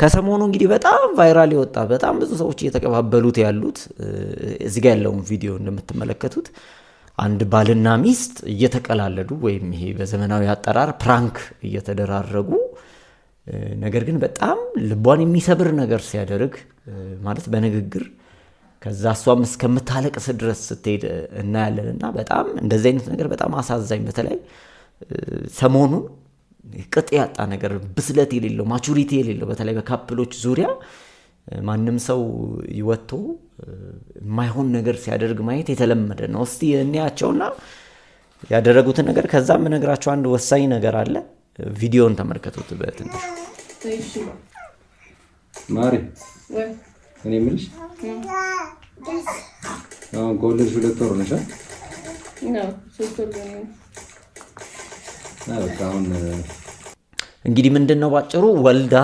ከሰሞኑ እንግዲህ በጣም ቫይራል የወጣ በጣም ብዙ ሰዎች እየተቀባበሉት ያሉት እዚህ ጋ ያለውን ቪዲዮ እንደምትመለከቱት አንድ ባልና ሚስት እየተቀላለዱ ወይም ይሄ በዘመናዊ አጠራር ፕራንክ እየተደራረጉ ነገር ግን በጣም ልቧን የሚሰብር ነገር ሲያደርግ ማለት በንግግር ከዛ እሷም እስከምታለቅስ ድረስ ስትሄድ እናያለን እና በጣም እንደዚህ አይነት ነገር በጣም አሳዛኝ በተለይ ሰሞኑን ቅጥ ያጣ ነገር፣ ብስለት የሌለው ማቹሪቲ የሌለው በተለይ በካፕሎች ዙሪያ ማንም ሰው ይወጥቶ የማይሆን ነገር ሲያደርግ ማየት የተለመደ ነው። እስቲ እንያቸውና ያደረጉትን ነገር ከዛ የምነግራቸው አንድ ወሳኝ ነገር አለ። ቪዲዮን ተመልከቱት በትንሹ። ማሪ እኔ የምልሽ አሁን ከወለድሽ ሁለት ወር ነሻል እንግዲህ ምንድን ነው ባጭሩ ወልዳ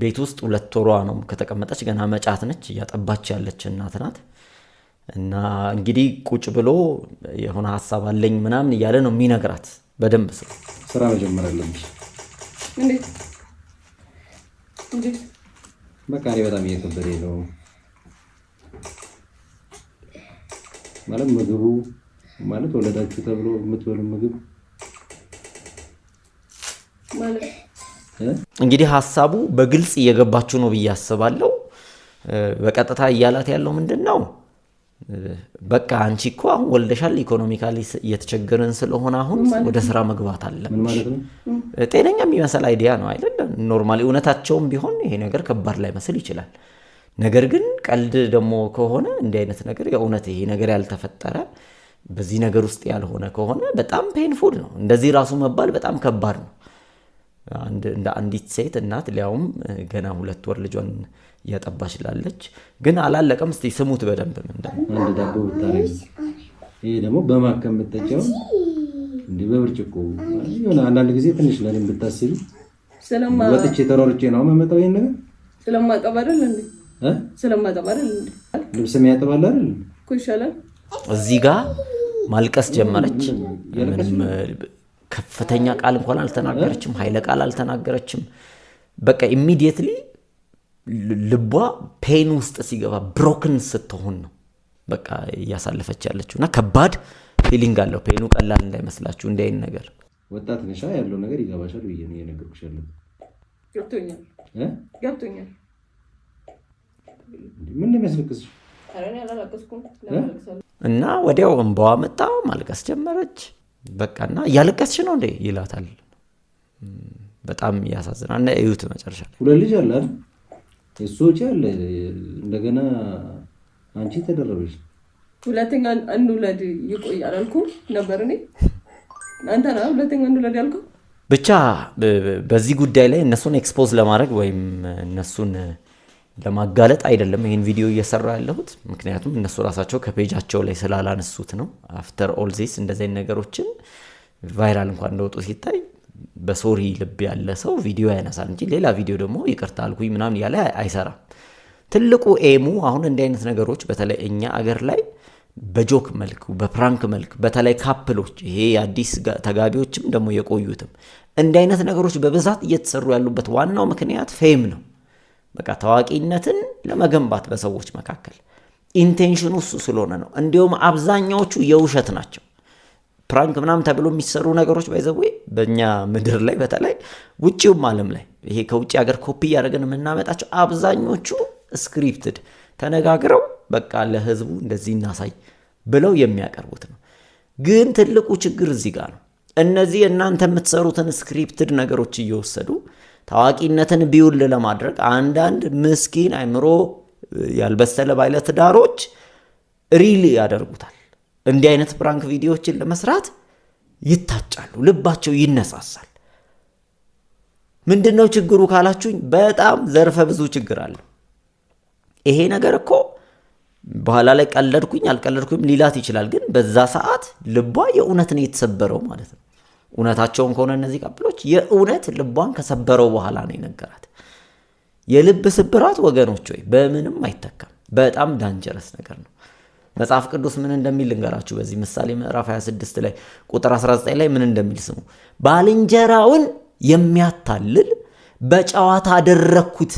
ቤት ውስጥ ሁለት ወሯ ነው ከተቀመጠች፣ ገና መጫት ነች፣ እያጠባች ያለች እናት ናት። እና እንግዲህ ቁጭ ብሎ የሆነ ሀሳብ አለኝ ምናምን እያለ ነው የሚነግራት። በደንብ ስ ስራ መጀመር አለብሽ። በቃ እኔ በጣም እየከበደ ነው ማለት ምግቡ ማለት ወለዳችሁ ተብሎ የምትበሉ ምግብ እንግዲህ ሀሳቡ በግልጽ እየገባችሁ ነው ብዬ አስባለሁ። በቀጥታ እያላት ያለው ምንድን ነው? በቃ አንቺ እኮ አሁን ወልደሻል። ኢኮኖሚካሊ እየተቸገረን ስለሆነ አሁን ወደ ስራ መግባት አለብሽ። ጤነኛ የሚመስል አይዲያ ነው አይደለም? ኖርማሊ እውነታቸውም ቢሆን ይሄ ነገር ከባድ ላይ መስል ይችላል። ነገር ግን ቀልድ ደግሞ ከሆነ እንዲህ አይነት ነገር የእውነት ይሄ ነገር ያልተፈጠረ በዚህ ነገር ውስጥ ያልሆነ ከሆነ በጣም ፔንፉል ነው። እንደዚህ ራሱ መባል በጣም ከባድ ነው። እንደ አንዲት ሴት እናት ሊያውም ገና ሁለት ወር ልጇን እያጠባች ላለች፣ ግን አላለቀም። እስቲ ስሙት በደንብ ምን አንድ ይሄ ደግሞ በማከም ብጠጫው እንዲህ በብርጭቆ ሆነ። አንዳንድ ጊዜ ትንሽ ለምን ብታስቢ፣ ወጥቼ ተሯርጬ ነው መመጣው ይሄን ነገር ስለማቀባረል እንዴ ስለማቀባረል ልብስ የሚያጥባል አይደል እኮ ይሻላል። እዚህ ጋር ማልቀስ ጀመረች ምንም ከፍተኛ ቃል እንኳን አልተናገረችም፣ ኃይለ ቃል አልተናገረችም። በቃ ኢሚዲየትሊ ልቧ ፔን ውስጥ ሲገባ ብሮክን ስትሆን ነው በቃ እያሳለፈች ያለችው እና ከባድ ፊሊንግ አለው። ፔኑ ቀላል እንዳይመስላችሁ እንዲህ አይነት ነገር ወጣት ነሻ ያለው ነገር ይገባሻል ብዬ ነው የነገርኩሽ። ያለው ገብቶኛል ገብቶኛል። ምን የሚያስለቅስሽ? እና ወዲያው እንባዋ መጣ፣ ማልቀስ ጀመረች። በቃና እያለቀስች እያለቀስሽ ነው እንዴ ይላታል። በጣም እያሳዝና እና እዩት መጨረሻ ላይ ሁለት ልጅ አለ እሶች አለ እንደገና አንቺ ተደረበች ሁለተኛ ውለድ ይቆያል አልኩ ነበር እኔ አንተ ና ሁለተኛ ውለድ ያልኩ ብቻ በዚህ ጉዳይ ላይ እነሱን ኤክስፖዝ ለማድረግ ወይም እነሱን ለማጋለጥ አይደለም ይህን ቪዲዮ እየሰራ ያለሁት፣ ምክንያቱም እነሱ ራሳቸው ከፔጃቸው ላይ ስላላነሱት ነው። አፍተር ኦል ዚስ እንደዚህ ነገሮችን ቫይራል እንኳን እንደወጡ ሲታይ በሶሪ ልብ ያለ ሰው ቪዲዮ ያነሳል እንጂ ሌላ ቪዲዮ ደግሞ ይቅርታ አልኩኝ ምናምን እያለ አይሰራም። ትልቁ ኤሙ አሁን እንዲህ አይነት ነገሮች በተለይ እኛ አገር ላይ በጆክ መልክ በፕራንክ መልክ በተለይ ካፕሎች ይሄ የአዲስ ተጋቢዎችም ደግሞ የቆዩትም እንዲህ አይነት ነገሮች በብዛት እየተሰሩ ያሉበት ዋናው ምክንያት ፌም ነው። በቃ ታዋቂነትን ለመገንባት በሰዎች መካከል ኢንቴንሽኑ እሱ ስለሆነ ነው። እንዲሁም አብዛኛዎቹ የውሸት ናቸው። ፕራንክ ምናምን ተብሎ የሚሰሩ ነገሮች ባይዘዌ በእኛ ምድር ላይ በተለይ ውጭውም ዓለም ላይ ይሄ ከውጭ ሀገር ኮፒ እያደረገን የምናመጣቸው አብዛኞቹ ስክሪፕትድ ተነጋግረው በቃ ለህዝቡ እንደዚህ እናሳይ ብለው የሚያቀርቡት ነው። ግን ትልቁ ችግር እዚህ ጋር ነው። እነዚህ እናንተ የምትሰሩትን ስክሪፕትድ ነገሮች እየወሰዱ ታዋቂነትን ቢውል ለማድረግ አንዳንድ ምስኪን አይምሮ ያልበሰለ ትዳሮች ሪል ያደርጉታል። እንዲህ አይነት ፕራንክ ቪዲዮዎችን ለመስራት ይታጫሉ፣ ልባቸው ይነሳሳል። ምንድን ነው ችግሩ ካላችሁኝ፣ በጣም ዘርፈ ብዙ ችግር አለ። ይሄ ነገር እኮ በኋላ ላይ ቀለድኩኝ አልቀለድኩኝም ሊላት ይችላል፣ ግን በዛ ሰዓት ልቧ የእውነት ነው የተሰበረው ማለት ነው። እውነታቸውን ከሆነ እነዚህ ቀብሎች የእውነት ልቧን ከሰበረው በኋላ ነው የነገራት። የልብ ስብራት ወገኖች ወይ በምንም አይተካም። በጣም ዳንጀረስ ነገር ነው። መጽሐፍ ቅዱስ ምን እንደሚል ልንገራችሁ። በዚህ ምሳሌ ምዕራፍ 26 ላይ ቁጥር 19 ላይ ምን እንደሚል ስሙ። ባልንጀራውን የሚያታልል በጨዋታ አደረግኩት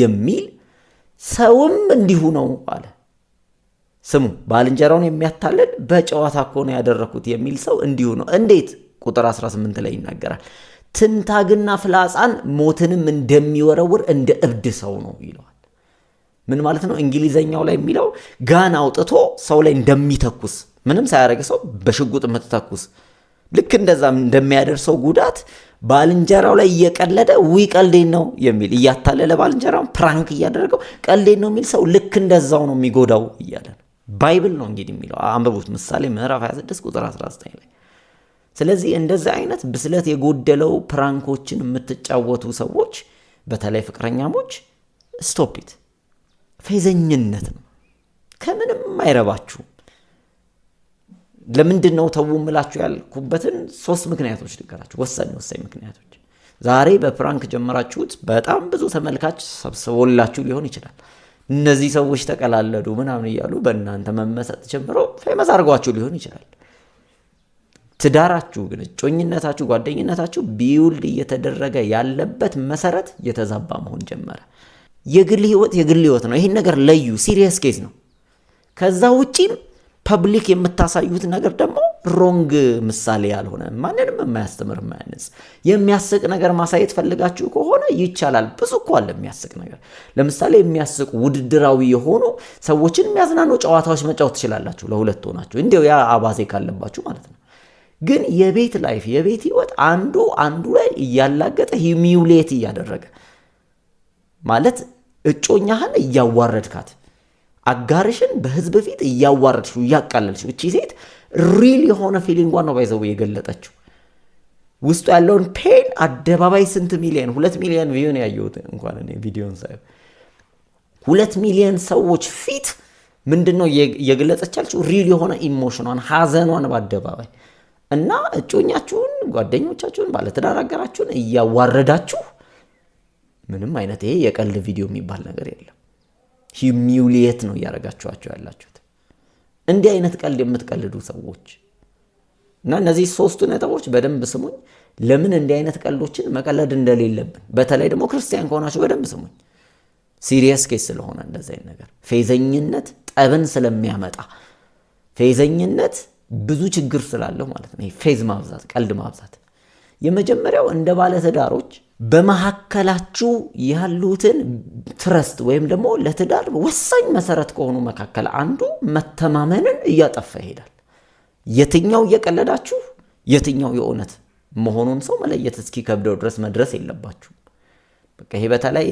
የሚል ሰውም እንዲሁ ነው አለ። ስሙ፣ ባልንጀራውን የሚያታልል በጨዋታ ከሆነ ያደረግኩት የሚል ሰው እንዲሁ ነው። እንዴት ቁጥር 18 ላይ ይናገራል። ትንታግና ፍላጻን ሞትንም እንደሚወረውር እንደ እብድ ሰው ነው ይለዋል። ምን ማለት ነው? እንግሊዘኛው ላይ የሚለው ጋን አውጥቶ ሰው ላይ እንደሚተኩስ ምንም ሳያደርግ ሰው በሽጉጥ የምትተኩስ ልክ እንደዛ እንደሚያደርሰው ጉዳት ባልንጀራው ላይ እየቀለደ ዊ ቀልዴን ነው የሚል እያታለለ ባልንጀራውን ፕራንክ እያደረገው ቀልዴን ነው የሚል ሰው ልክ እንደዛው ነው የሚጎዳው እያለ ባይብል ነው እንግዲህ የሚለው አንብቡት። ምሳሌ ምዕራፍ 26 ቁጥር 19 ላይ ስለዚህ እንደዚህ አይነት ብስለት የጎደለው ፕራንኮችን የምትጫወቱ ሰዎች፣ በተለይ ፍቅረኛሞች ስቶፒት ፌዘኝነት ነው። ከምንም አይረባችሁ ለምንድን ነው ተዉ ምላችሁ ያልኩበትን ሶስት ምክንያቶች ልንገራችሁ፣ ወሳኝ ወሳኝ ምክንያቶች። ዛሬ በፕራንክ ጀምራችሁት በጣም ብዙ ተመልካች ሰብስቦላችሁ ሊሆን ይችላል። እነዚህ ሰዎች ተቀላለዱ ምናምን እያሉ በእናንተ መመሰጥ ጀምሮ ፌመስ አድርጓችሁ ሊሆን ይችላል። ትዳራችሁ ግን እጮኝነታችሁ፣ ጓደኝነታችሁ ቢውልድ እየተደረገ ያለበት መሰረት እየተዛባ መሆን ጀመረ። የግል ህይወት የግል ህይወት ነው። ይህን ነገር ለዩ። ሲሪየስ ኬዝ ነው። ከዛ ውጪም ፐብሊክ የምታሳዩት ነገር ደግሞ ሮንግ ምሳሌ ያልሆነ ማንንም የማያስተምር የማያንጽ የሚያስቅ ነገር ማሳየት ፈልጋችሁ ከሆነ ይቻላል። ብዙ እኮ አለ የሚያስቅ ነገር። ለምሳሌ የሚያስቁ ውድድራዊ የሆኑ ሰዎችን የሚያዝናኑ ጨዋታዎች መጫወት ትችላላችሁ፣ ለሁለት ሆናችሁ እንዲያው ያ አባዜ ካለባችሁ ማለት ነው። ግን የቤት ላይፍ የቤት ህይወት አንዱ አንዱ ላይ እያላገጠ ሂሚውሌት እያደረገ ማለት እጮኛህን እያዋረድካት አጋርሽን በህዝብ ፊት እያዋረድሽው እያቃለልሽው እቺ ሴት ሪል የሆነ ፊሊንጓ ነው ባይዘው የገለጠችው ውስጡ ያለውን ፔን አደባባይ ስንት ሚሊዮን ሁለት ሚሊዮን ቪዩ ነው ያየሁት እንኳን እኔ ቪዲዮን ሳይ ሁለት ሚሊዮን ሰዎች ፊት ምንድን ነው እየገለጸች ያለችው ሪል የሆነ ኢሞሽኗን ሀዘኗን በአደባባይ እና እጮኛችሁን፣ ጓደኞቻችሁን፣ ባለትዳር አጋራችሁን እያዋረዳችሁ ምንም አይነት ይሄ የቀልድ ቪዲዮ የሚባል ነገር የለም። ሂሚውሊየት ነው እያደረጋችኋቸው ያላችሁት እንዲህ አይነት ቀልድ የምትቀልዱ ሰዎች እና እነዚህ ሶስቱ ነጥቦች በደንብ ስሙኝ። ለምን እንዲህ አይነት ቀልዶችን መቀለድ እንደሌለብን በተለይ ደግሞ ክርስቲያን ከሆናችሁ በደንብ ስሙኝ። ሲሪየስ ኬስ ስለሆነ እንደዚህ አይነት ነገር ፌዘኝነት ጠብን ስለሚያመጣ ፌዘኝነት ብዙ ችግር ስላለው ማለት ነው። ፌዝ ማብዛት፣ ቀልድ ማብዛት። የመጀመሪያው እንደ ባለትዳሮች በመካከላችሁ ያሉትን ትረስት ወይም ደግሞ ለትዳር ወሳኝ መሰረት ከሆኑ መካከል አንዱ መተማመንን እያጠፋ ይሄዳል። የትኛው እየቀለዳችሁ የትኛው የእውነት መሆኑን ሰው መለየት እስኪከብደው ድረስ መድረስ የለባችሁ። ይሄ በተለይ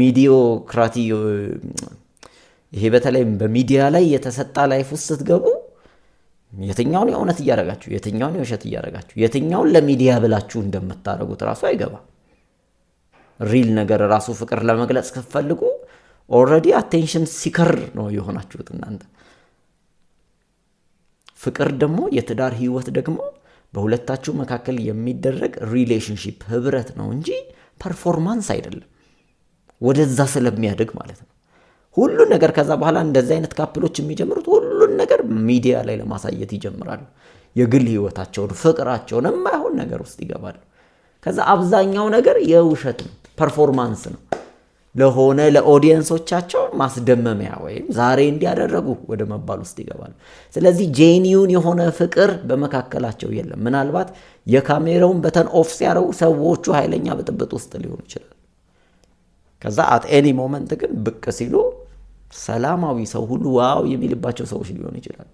ሚዲዮክራቲ ይሄ በተለይ በሚዲያ ላይ የተሰጣ ላይፍ ውስጥ ስትገቡ የትኛውን የእውነት እያደረጋችሁ የትኛውን የውሸት እያደረጋችሁ የትኛውን ለሚዲያ ብላችሁ እንደምታደርጉት ራሱ አይገባ። ሪል ነገር ራሱ ፍቅር ለመግለጽ ከፈልጉ ኦልሬዲ አቴንሽን ሲከር ነው የሆናችሁት እናንተ። ፍቅር ደግሞ የትዳር ህይወት ደግሞ በሁለታችሁ መካከል የሚደረግ ሪሌሽንሽፕ ህብረት ነው እንጂ ፐርፎርማንስ አይደለም። ወደዛ ስለሚያድግ ማለት ነው ሁሉ ነገር ከዛ በኋላ እንደዚህ አይነት ካፕሎች የሚጀምሩት ሁሉ ነገር ሚዲያ ላይ ለማሳየት ይጀምራሉ። የግል ህይወታቸውን፣ ፍቅራቸውን የማይሆን ነገር ውስጥ ይገባሉ። ከዛ አብዛኛው ነገር የውሸት ነው፣ ፐርፎርማንስ ነው። ለሆነ ለኦዲየንሶቻቸው ማስደመሚያ ወይም ዛሬ እንዲያደረጉ ወደ መባል ውስጥ ይገባሉ። ስለዚህ ጄኒዩን የሆነ ፍቅር በመካከላቸው የለም። ምናልባት የካሜራውን በተን ኦፍ ሲያደረጉ ሰዎቹ ኃይለኛ ብጥብጥ ውስጥ ሊሆኑ ይችላል። ከዛ አት ኤኒ ሞመንት ግን ብቅ ሲሉ ሰላማዊ ሰው ሁሉ ዋው የሚልባቸው ሰዎች ሊሆኑ ይችላሉ።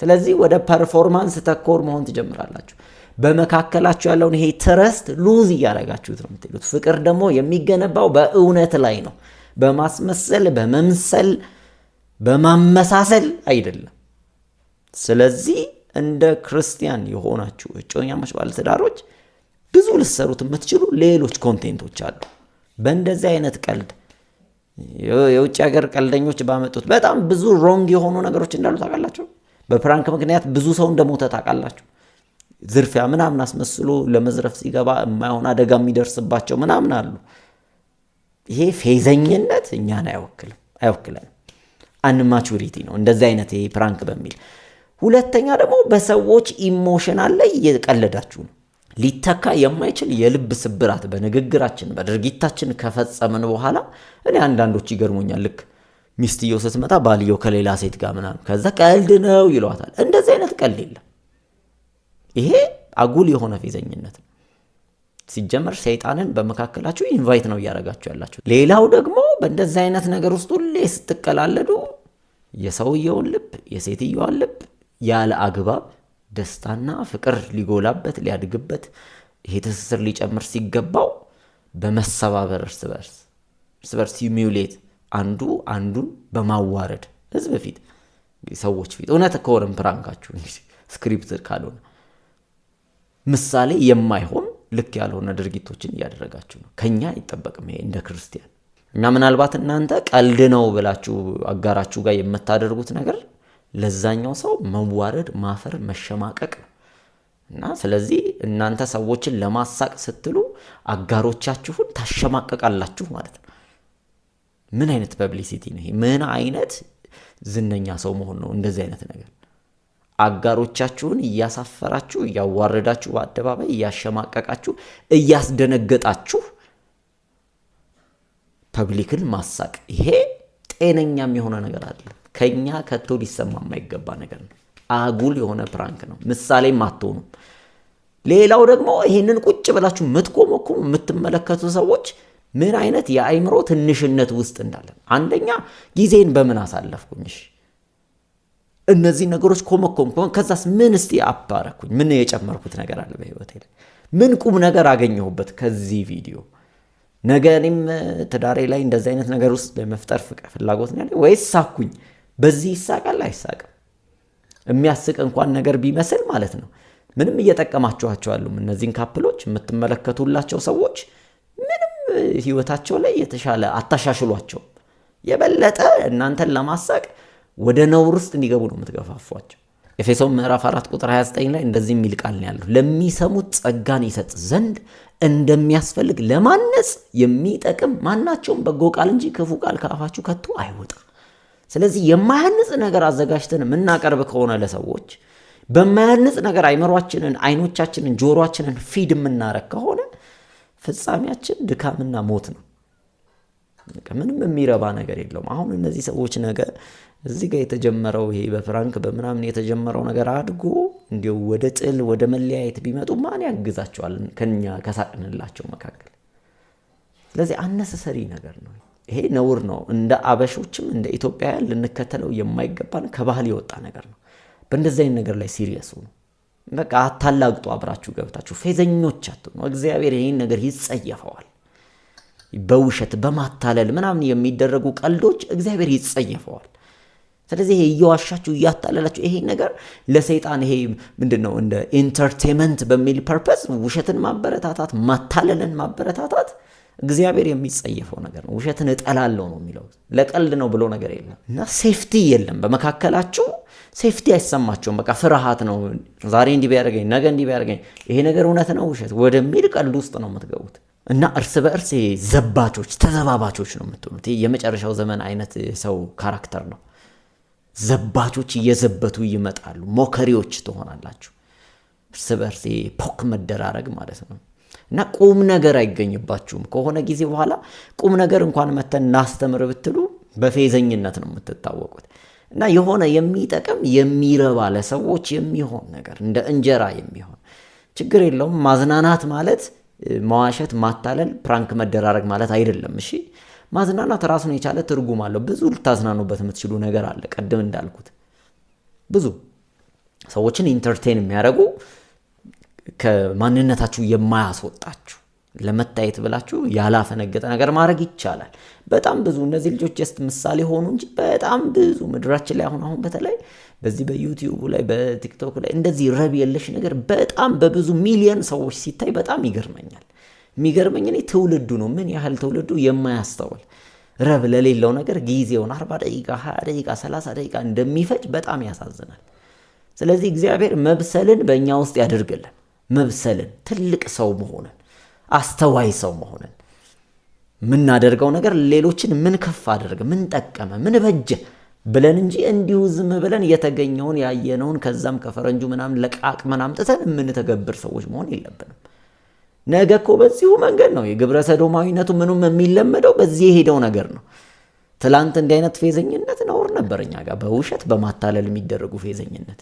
ስለዚህ ወደ ፐርፎርማንስ ተኮር መሆን ትጀምራላችሁ። በመካከላችሁ ያለውን ይሄ ትረስት ሉዝ እያደረጋችሁት ነው የምትሄዱት። ፍቅር ደግሞ የሚገነባው በእውነት ላይ ነው፣ በማስመሰል በመምሰል በማመሳሰል አይደለም። ስለዚህ እንደ ክርስቲያን የሆናችሁ እጮኛሞች፣ ባለትዳሮች ብዙ ልሰሩት የምትችሉ ሌሎች ኮንቴንቶች አሉ። በእንደዚህ አይነት ቀልድ የውጭ ሀገር ቀልደኞች ባመጡት በጣም ብዙ ሮንግ የሆኑ ነገሮች እንዳሉ ታውቃላችሁ። በፕራንክ ምክንያት ብዙ ሰው እንደሞተ ታውቃላችሁ። ዝርፊያ ምናምን አስመስሎ ለመዝረፍ ሲገባ የማይሆን አደጋ የሚደርስባቸው ምናምን አሉ። ይሄ ፌዘኝነት እኛን አይወክልም አይወክለንም። አንማቹሪቲ ነው እንደዚህ አይነት ይሄ ፕራንክ በሚል ሁለተኛ ደግሞ በሰዎች ኢሞሽን ላይ እየቀለዳችሁ ነው። ሊተካ የማይችል የልብ ስብራት በንግግራችን በድርጊታችን ከፈጸምን በኋላ እኔ አንዳንዶች ይገርሙኛል። ልክ ሚስትየው ስትመጣ ባልየው ከሌላ ሴት ጋር ምናምን ከዛ ቀልድ ነው ይለዋታል። እንደዚህ አይነት ቀልድ የለም። ይሄ አጉል የሆነ ፌዘኝነት ነው። ሲጀመር ሰይጣንን በመካከላችሁ ኢንቫይት ነው እያደረጋችሁ ያላችሁ። ሌላው ደግሞ በእንደዚህ አይነት ነገር ውስጥ ሁሌ ስትቀላለዱ የሰውየውን ልብ የሴትየዋን ልብ ያለ አግባብ ደስታና ፍቅር ሊጎላበት ሊያድግበት ይሄ ትስስር ሊጨምር ሲገባው በመሰባበር እርስ በርስ እርስ በርስ ሂሚውሌት አንዱ አንዱን በማዋረድ ህዝብ ፊት ሰዎች ፊት እውነት ከሆነም ፕራንካችሁ ስክሪፕት ካልሆነ ምሳሌ የማይሆን ልክ ያልሆነ ድርጊቶችን እያደረጋችሁ ነው። ከኛ አይጠበቅም ይሄ እንደ ክርስቲያን እና ምናልባት እናንተ ቀልድ ነው ብላችሁ አጋራችሁ ጋር የምታደርጉት ነገር ለዛኛው ሰው መዋረድ፣ ማፈር፣ መሸማቀቅ ነው እና ስለዚህ እናንተ ሰዎችን ለማሳቅ ስትሉ አጋሮቻችሁን ታሸማቀቃላችሁ ማለት ነው። ምን አይነት ፐብሊሲቲ ነው ይሄ? ምን አይነት ዝነኛ ሰው መሆን ነው እንደዚህ አይነት ነገር? አጋሮቻችሁን እያሳፈራችሁ እያዋረዳችሁ በአደባባይ እያሸማቀቃችሁ እያስደነገጣችሁ ፐብሊክን ማሳቅ፣ ይሄ ጤነኛም የሆነ ነገር አይደለም። ከኛ ከቶ ሊሰማ የማይገባ ነገር ነው። አጉል የሆነ ፕራንክ ነው። ምሳሌም አትሆኑም። ሌላው ደግሞ ይህንን ቁጭ ብላችሁ የምትኮመኩሙ የምትመለከቱ ሰዎች ምን አይነት የአእምሮ ትንሽነት ውስጥ እንዳለ፣ አንደኛ ጊዜን በምን አሳለፍኩኝሽ? እነዚህ ነገሮች ኮመኮም ከዛስ ምን እስቲ አባረኩኝ? ምን የጨመርኩት ነገር አለ በህይወቴ ላይ? ምን ቁም ነገር አገኘሁበት ከዚህ ቪዲዮ? ነገ እኔም ትዳሬ ላይ እንደዚህ አይነት ነገር ውስጥ ለመፍጠር ፍላጎት ነው ያለኝ ወይስ ሳኩኝ? በዚህ ይሳቃል አይሳቅም። የሚያስቅ እንኳን ነገር ቢመስል ማለት ነው። ምንም እየጠቀማችኋቸው አሉም እነዚህን ካፕሎች የምትመለከቱላቸው ሰዎች ምንም ህይወታቸው ላይ የተሻለ አታሻሽሏቸው፣ የበለጠ እናንተን ለማሳቅ ወደ ነውር ውስጥ እንዲገቡ ነው የምትገፋፏቸው። ኤፌሶን ምዕራፍ 4 ቁጥር 29 ላይ እንደዚህ የሚል ቃል ያሉ ለሚሰሙት ጸጋን ይሰጥ ዘንድ እንደሚያስፈልግ ለማነጽ የሚጠቅም ማናቸውም በጎ ቃል እንጂ ክፉ ቃል ከአፋችሁ ከቶ አይወጣም። ስለዚህ የማያንጽ ነገር አዘጋጅተን የምናቀርብ ከሆነ ለሰዎች በማያንጽ ነገር አይምሯችንን፣ አይኖቻችንን፣ ጆሮችንን ፊድ የምናረግ ከሆነ ፍጻሜያችን ድካምና ሞት ነው። ምንም የሚረባ ነገር የለውም። አሁን እነዚህ ሰዎች ነገ እዚህ ጋር የተጀመረው ይሄ በፍራንክ በምናምን የተጀመረው ነገር አድጎ እንዲሁ ወደ ጥል ወደ መለያየት ቢመጡ ማን ያግዛቸዋል? ከኛ ከሳቅንላቸው መካከል። ስለዚህ አነሰሰሪ ነገር ነው። ይሄ ነውር ነው። እንደ አበሾችም እንደ ኢትዮጵያውያን ልንከተለው የማይገባን ከባህል የወጣ ነገር ነው። በእንደዚህ አይነት ነገር ላይ ሲሪየስ ሆኑ በቃ አታላግጡ። አብራችሁ ገብታችሁ ፌዘኞች አትሆኑ። እግዚአብሔር ይህን ነገር ይጸየፈዋል። በውሸት በማታለል ምናምን የሚደረጉ ቀልዶች እግዚአብሔር ይጸየፈዋል። ስለዚህ ይሄ እየዋሻችሁ እያታለላችሁ ይሄ ነገር ለሰይጣን ይሄ ምንድን ነው እንደ ኢንተርቴንመንት በሚል ፐርፐዝ ውሸትን ማበረታታት ማታለልን ማበረታታት እግዚአብሔር የሚጸየፈው ነገር ነው። ውሸትን እጠላለሁ ነው የሚለው። ለቀልድ ነው ብሎ ነገር የለም እና ሴፍቲ የለም በመካከላችሁ ሴፍቲ አይሰማቸውም። በቃ ፍርሃት ነው። ዛሬ እንዲህ ቢያደርገኝ፣ ነገ እንዲህ ቢያደርገኝ፣ ይሄ ነገር እውነት ነው ውሸት ወደሚል ቀልድ ውስጥ ነው የምትገቡት እና እርስ በእርስ ዘባቾች፣ ተዘባባቾች ነው የምትሆኑት። የመጨረሻው ዘመን አይነት ሰው ካራክተር ነው። ዘባቾች እየዘበቱ ይመጣሉ። ሞከሪዎች ትሆናላችሁ። እርስ በእርስ ፖክ መደራረግ ማለት ነው። እና ቁም ነገር አይገኝባችሁም። ከሆነ ጊዜ በኋላ ቁም ነገር እንኳን መተን እናስተምር ብትሉ በፌዘኝነት ነው የምትታወቁት። እና የሆነ የሚጠቅም የሚረባ ለሰዎች የሚሆን ነገር እንደ እንጀራ የሚሆን ችግር የለውም። ማዝናናት ማለት መዋሸት፣ ማታለል፣ ፕራንክ መደራረግ ማለት አይደለም። እሺ ማዝናናት ራሱን የቻለ ትርጉም አለው። ብዙ ልታዝናኑበት የምትችሉ ነገር አለ። ቀደም እንዳልኩት ብዙ ሰዎችን ኢንተርቴን የሚያደርጉ ከማንነታችሁ የማያስወጣችሁ ለመታየት ብላችሁ ያላፈነገጠ ነገር ማድረግ ይቻላል። በጣም ብዙ እነዚህ ልጆች ጀስት ምሳሌ ሆኑ እንጂ በጣም ብዙ ምድራችን ላይ አሁን አሁን በተለይ በዚህ በዩቲዩቡ ላይ በቲክቶክ ላይ እንደዚህ ረብ የለሽ ነገር በጣም በብዙ ሚሊየን ሰዎች ሲታይ በጣም ይገርመኛል። የሚገርመኝ እኔ ትውልዱ ነው። ምን ያህል ትውልዱ የማያስተውል ረብ ለሌለው ነገር ጊዜውን አርባ ደቂቃ፣ ሀያ ደቂቃ፣ ሰላሳ ደቂቃ እንደሚፈጅ በጣም ያሳዝናል። ስለዚህ እግዚአብሔር መብሰልን በእኛ ውስጥ ያደርግልን። መብሰልን፣ ትልቅ ሰው መሆንን፣ አስተዋይ ሰው መሆንን የምናደርገው ነገር ሌሎችን ምን ከፍ አደረገ፣ ምን ጠቀመ፣ ምን በጀ ብለን እንጂ እንዲሁ ዝም ብለን የተገኘውን ያየነውን ከዛም ከፈረንጁ ምናምን ለቃቅመን አምጥተን የምንተገብር ሰዎች መሆን የለብንም። ነገ እኮ በዚሁ መንገድ ነው የግብረ ሰዶማዊነቱ ምኑም የሚለመደው በዚህ የሄደው ነገር ነው። ትላንት እንዲህ አይነት ፌዘኝነት ነውር ነበር እኛ ጋር፣ በውሸት በማታለል የሚደረጉ ፌዘኝነት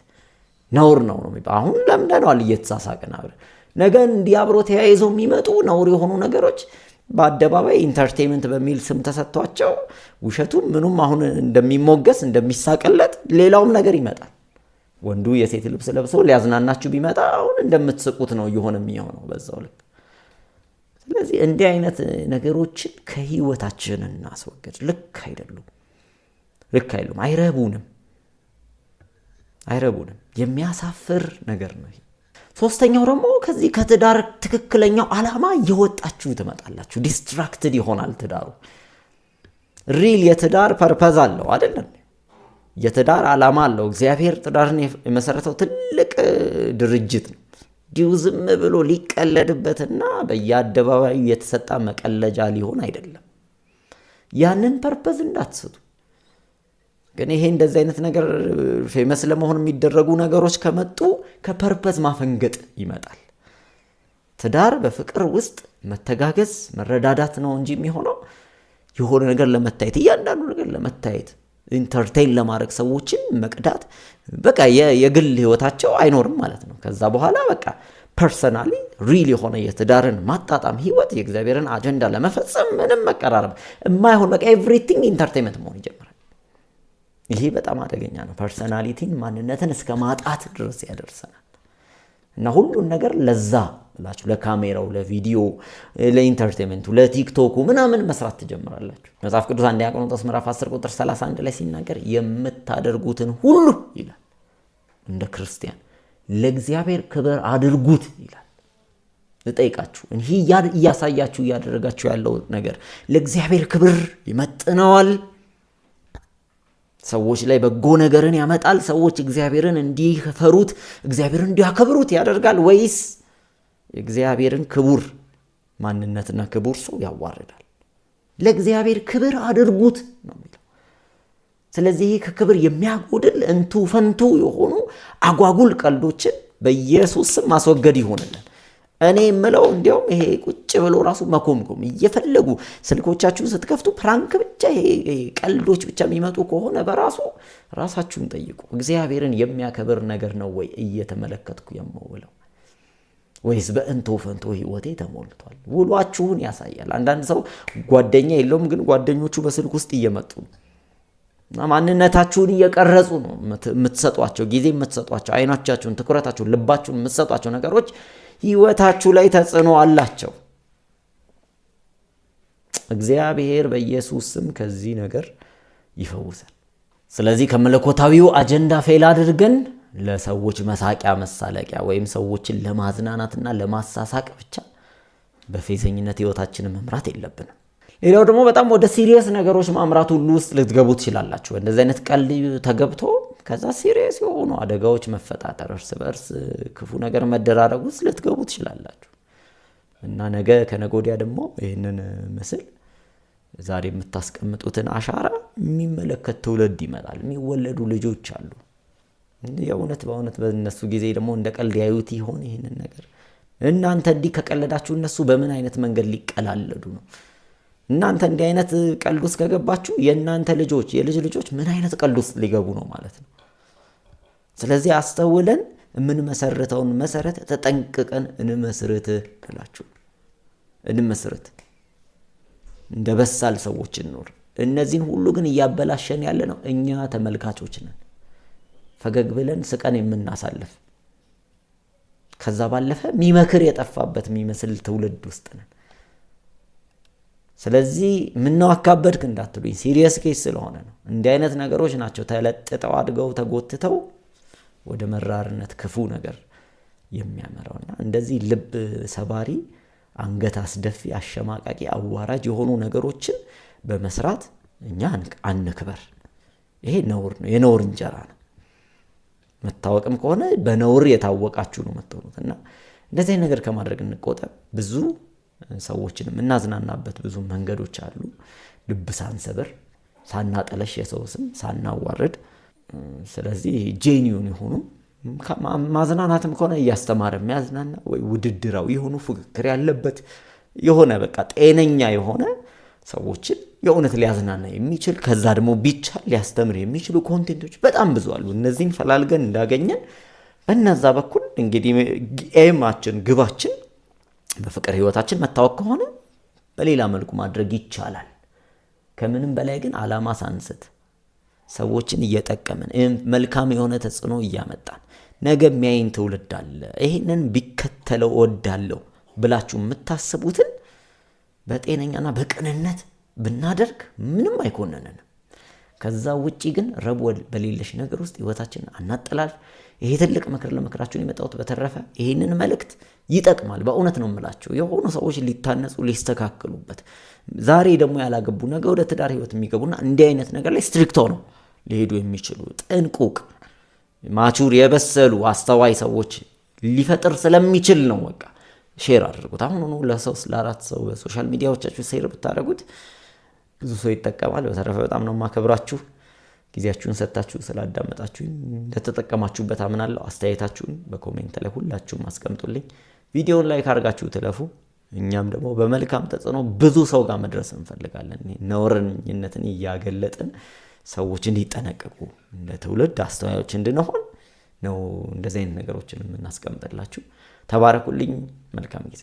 ነውር ነው ነው የሚባለው። አሁን ለምደነዋል እየተሳሳቅን አብረን። ነገ እንዲህ አብሮ ተያይዘው የሚመጡ ነውር የሆኑ ነገሮች በአደባባይ ኢንተርቴንመንት በሚል ስም ተሰጥቷቸው ውሸቱም ምኑም አሁን እንደሚሞገስ እንደሚሳቅለት ሌላውም ነገር ይመጣል። ወንዱ የሴት ልብስ ለብሶ ሊያዝናናችሁ ቢመጣ አሁን እንደምትስቁት ነው እየሆነ የሚሆነው በዛው ልክ። ስለዚህ እንዲህ አይነት ነገሮችን ከህይወታችን እናስወገድ። ልክ አይደሉም፣ ልክ አይደሉም፣ አይረቡንም። አይረቡንም። የሚያሳፍር ነገር ነው። ሶስተኛው ደግሞ ከዚህ ከትዳር ትክክለኛው ዓላማ እየወጣችሁ ትመጣላችሁ። ዲስትራክትድ ይሆናል ትዳሩ። ሪል የትዳር ፐርፐዝ አለው አይደለም? የትዳር ዓላማ አለው። እግዚአብሔር ትዳርን የመሰረተው ትልቅ ድርጅት ነው። እንዲሁ ዝም ብሎ ሊቀለድበትና በየአደባባዩ የተሰጣ መቀለጃ ሊሆን አይደለም። ያንን ፐርፐዝ እንዳትሰጡ። ግን ይሄ እንደዚህ አይነት ነገር ፌመስ ለመሆን የሚደረጉ ነገሮች ከመጡ ከፐርፐዝ ማፈንገጥ ይመጣል። ትዳር በፍቅር ውስጥ መተጋገዝ፣ መረዳዳት ነው እንጂ የሚሆነው የሆነ ነገር ለመታየት እያንዳንዱ ነገር ለመታየት ኢንተርቴን ለማድረግ ሰዎችን መቅዳት፣ በቃ የግል ህይወታቸው አይኖርም ማለት ነው። ከዛ በኋላ በቃ ፐርሰናሊ ሪል የሆነ የትዳርን ማጣጣም ህይወት የእግዚአብሔርን አጀንዳ ለመፈጸም ምንም መቀራረብ የማይሆን በቃ ኤቭሪቲንግ ኢንተርቴንመንት መሆን ይጀምራል። ይሄ በጣም አደገኛ ነው። ፐርሰናሊቲን ማንነትን እስከ ማጣት ድረስ ያደርሰናል። እና ሁሉን ነገር ለዛ ብላችሁ ለካሜራው፣ ለቪዲዮ፣ ለኢንተርቴንመንቱ፣ ለቲክቶኩ ምናምን መስራት ትጀምራላችሁ። መጽሐፍ ቅዱስ አንደኛ ቆሮንቶስ ምዕራፍ 10 ቁጥር 31 ላይ ሲናገር የምታደርጉትን ሁሉ ይላል እንደ ክርስቲያን ለእግዚአብሔር ክብር አድርጉት ይላል። ልጠይቃችሁ፣ ይህ እያሳያችሁ እያደረጋችሁ ያለው ነገር ለእግዚአብሔር ክብር ይመጥነዋል? ሰዎች ላይ በጎ ነገርን ያመጣል። ሰዎች እግዚአብሔርን እንዲፈሩት፣ እግዚአብሔርን እንዲያከብሩት ያደርጋል ወይስ የእግዚአብሔርን ክቡር ማንነትና ክቡር ሰው ያዋርዳል? ለእግዚአብሔር ክብር አድርጉት ነው የሚለው። ስለዚህ ከክብር የሚያጎድል እንቱ ፈንቱ የሆኑ አጓጉል ቀልዶችን በኢየሱስ ስም ማስወገድ ይሆንልን። እኔ የምለው እንዲያውም ይሄ ቁጭ ብሎ ራሱ መኮምኮም እየፈለጉ ስልኮቻችሁን ስትከፍቱ ፕራንክ ብቻ ይሄ ቀልዶች ብቻ የሚመጡ ከሆነ በራሱ ራሳችሁን ጠይቁ። እግዚአብሔርን የሚያከብር ነገር ነው ወይ እየተመለከትኩ የምውለው? ወይስ በእንቶ ፈንቶ ህይወቴ ተሞልቷል? ውሏችሁን ያሳያል። አንዳንድ ሰው ጓደኛ የለውም፣ ግን ጓደኞቹ በስልክ ውስጥ እየመጡ ነው እና ማንነታችሁን እየቀረጹ ነው የምትሰጧቸው ጊዜ የምትሰጧቸው አይኖቻችሁን፣ ትኩረታችሁን፣ ልባችሁን የምትሰጧቸው ነገሮች ህይወታችሁ ላይ ተጽዕኖ አላቸው። እግዚአብሔር በኢየሱስ ስም ከዚህ ነገር ይፈውሰን። ስለዚህ ከመለኮታዊው አጀንዳ ፌል አድርገን ለሰዎች መሳቂያ መሳለቂያ ወይም ሰዎችን ለማዝናናትና ለማሳሳቅ ብቻ በፌዘኝነት ህይወታችንን መምራት የለብንም። ሌላው ደግሞ በጣም ወደ ሲሪየስ ነገሮች ማምራት ሁሉ ውስጥ ልትገቡ ትችላላችሁ። እንደዚህ አይነት ቀልድ ተገብቶ ከዛ ሲሪየስ የሆኑ አደጋዎች መፈጣጠር፣ እርስ በእርስ ክፉ ነገር መደራረግ ውስጥ ልትገቡ ትችላላችሁ እና ነገ ከነገ ወዲያ ደግሞ ይህንን ምስል ዛሬ የምታስቀምጡትን አሻራ የሚመለከት ትውልድ ይመጣል። የሚወለዱ ልጆች አሉ። የእውነት በእውነት በእነሱ ጊዜ ደግሞ እንደ ቀልድ ያዩት ይሆን ይህንን ነገር? እናንተ እንዲህ ከቀለዳችሁ እነሱ በምን አይነት መንገድ ሊቀላለዱ ነው? እናንተ እንዲህ አይነት ቀልድ ውስጥ ከገባችሁ የእናንተ ልጆች የልጅ ልጆች ምን አይነት ቀልድ ውስጥ ሊገቡ ነው ማለት ነው። ስለዚህ አስተውለን የምንመሰርተውን መሰረት ተጠንቅቀን እንመስርት እላችሁ እንመስርት። እንደ በሳል ሰዎች እንኖር። እነዚህን ሁሉ ግን እያበላሸን ያለ ነው እኛ ተመልካቾች ነን። ፈገግ ብለን ስቀን የምናሳልፍ ከዛ ባለፈ ሚመክር የጠፋበት የሚመስል ትውልድ ውስጥ ነን። ስለዚህ ምነው አካበድክ እንዳትሉኝ፣ ሲሪየስ ኬስ ስለሆነ ነው። እንዲህ አይነት ነገሮች ናቸው ተለጥጠው አድገው ተጎትተው ወደ መራርነት ክፉ ነገር እና እንደዚህ ልብ ሰባሪ፣ አንገት አስደፊ፣ አሸማቃቂ፣ አዋራጅ የሆኑ ነገሮችን በመስራት እኛ አንክበር። ይሄ ነውር ነው፣ የነውር እንጀራ ነው። መታወቅም ከሆነ በነውር የታወቃችሁ ነው የምትሆኑት እና እንደዚህ ነገር ከማድረግ እንቆጠብ ብዙ ሰዎችን የምናዝናናበት ብዙ መንገዶች አሉ። ልብ ሳንሰብር፣ ሳናጠለሽ፣ የሰው ስም ሳናዋርድ። ስለዚህ ጄኒዩን የሆኑ ማዝናናትም ከሆነ እያስተማረ የሚያዝናና ወይ ውድድራዊ የሆኑ ፉክክር ያለበት የሆነ በቃ ጤነኛ የሆነ ሰዎችን የእውነት ሊያዝናና የሚችል ከዛ ደግሞ ቢቻ ሊያስተምር የሚችሉ ኮንቴንቶች በጣም ብዙ አሉ። እነዚህን ፈላልገን እንዳገኘን በነዛ በኩል እንግዲህ ኤማችን ግባችን በፍቅር ህይወታችን መታወቅ ከሆነ በሌላ መልኩ ማድረግ ይቻላል። ከምንም በላይ ግን አላማ ሳንስት ሰዎችን እየጠቀምን መልካም የሆነ ተጽዕኖ እያመጣን ነገ የሚያይን ትውልድ አለ፣ ይህንን ቢከተለው ወዳለው ብላችሁ የምታስቡትን በጤነኛና በቅንነት ብናደርግ ምንም አይኮንንንም ከዛ ውጪ ግን ረብወል በሌለሽ ነገር ውስጥ ህይወታችንን አናጠላልፍ። ይሄ ትልቅ ምክር ለምክራችሁን የመጣሁት። በተረፈ ይህንን መልእክት ይጠቅማል፣ በእውነት ነው የምላቸው። የሆኑ ሰዎች ሊታነጹ ሊስተካከሉበት፣ ዛሬ ደግሞ ያላገቡ ነገ ወደ ትዳር ህይወት የሚገቡና እንዲህ አይነት ነገር ላይ ስትሪክቶ ነው ሊሄዱ የሚችሉ ጥንቁቅ፣ ማቹር፣ የበሰሉ አስተዋይ ሰዎች ሊፈጥር ስለሚችል ነው። በቃ ሼር አድርጉት። አሁን ለሰው ለአራት ሰው በሶሻል ሚዲያዎቻችሁ ሴር ብታደርጉት ብዙ ሰው ይጠቀማል። በተረፈ በጣም ነው ማከብራችሁ። ጊዜያችሁን ሰጥታችሁ ስላዳመጣችሁ እንደተጠቀማችሁበት አምናለሁ። አስተያየታችሁን በኮሜንት ላይ ሁላችሁም አስቀምጡልኝ። ቪዲዮውን ላይክ አድርጋችሁ ትለፉ። እኛም ደግሞ በመልካም ተጽዕኖ ብዙ ሰው ጋር መድረስ እንፈልጋለን። ነውረኝነትን እያገለጥን ሰዎች እንዲጠነቀቁ እንደ ትውልድ አስተዋዮች እንድንሆን ነው እንደዚህ አይነት ነገሮችን የምናስቀምጥላችሁ። ተባረኩልኝ። መልካም ጊዜ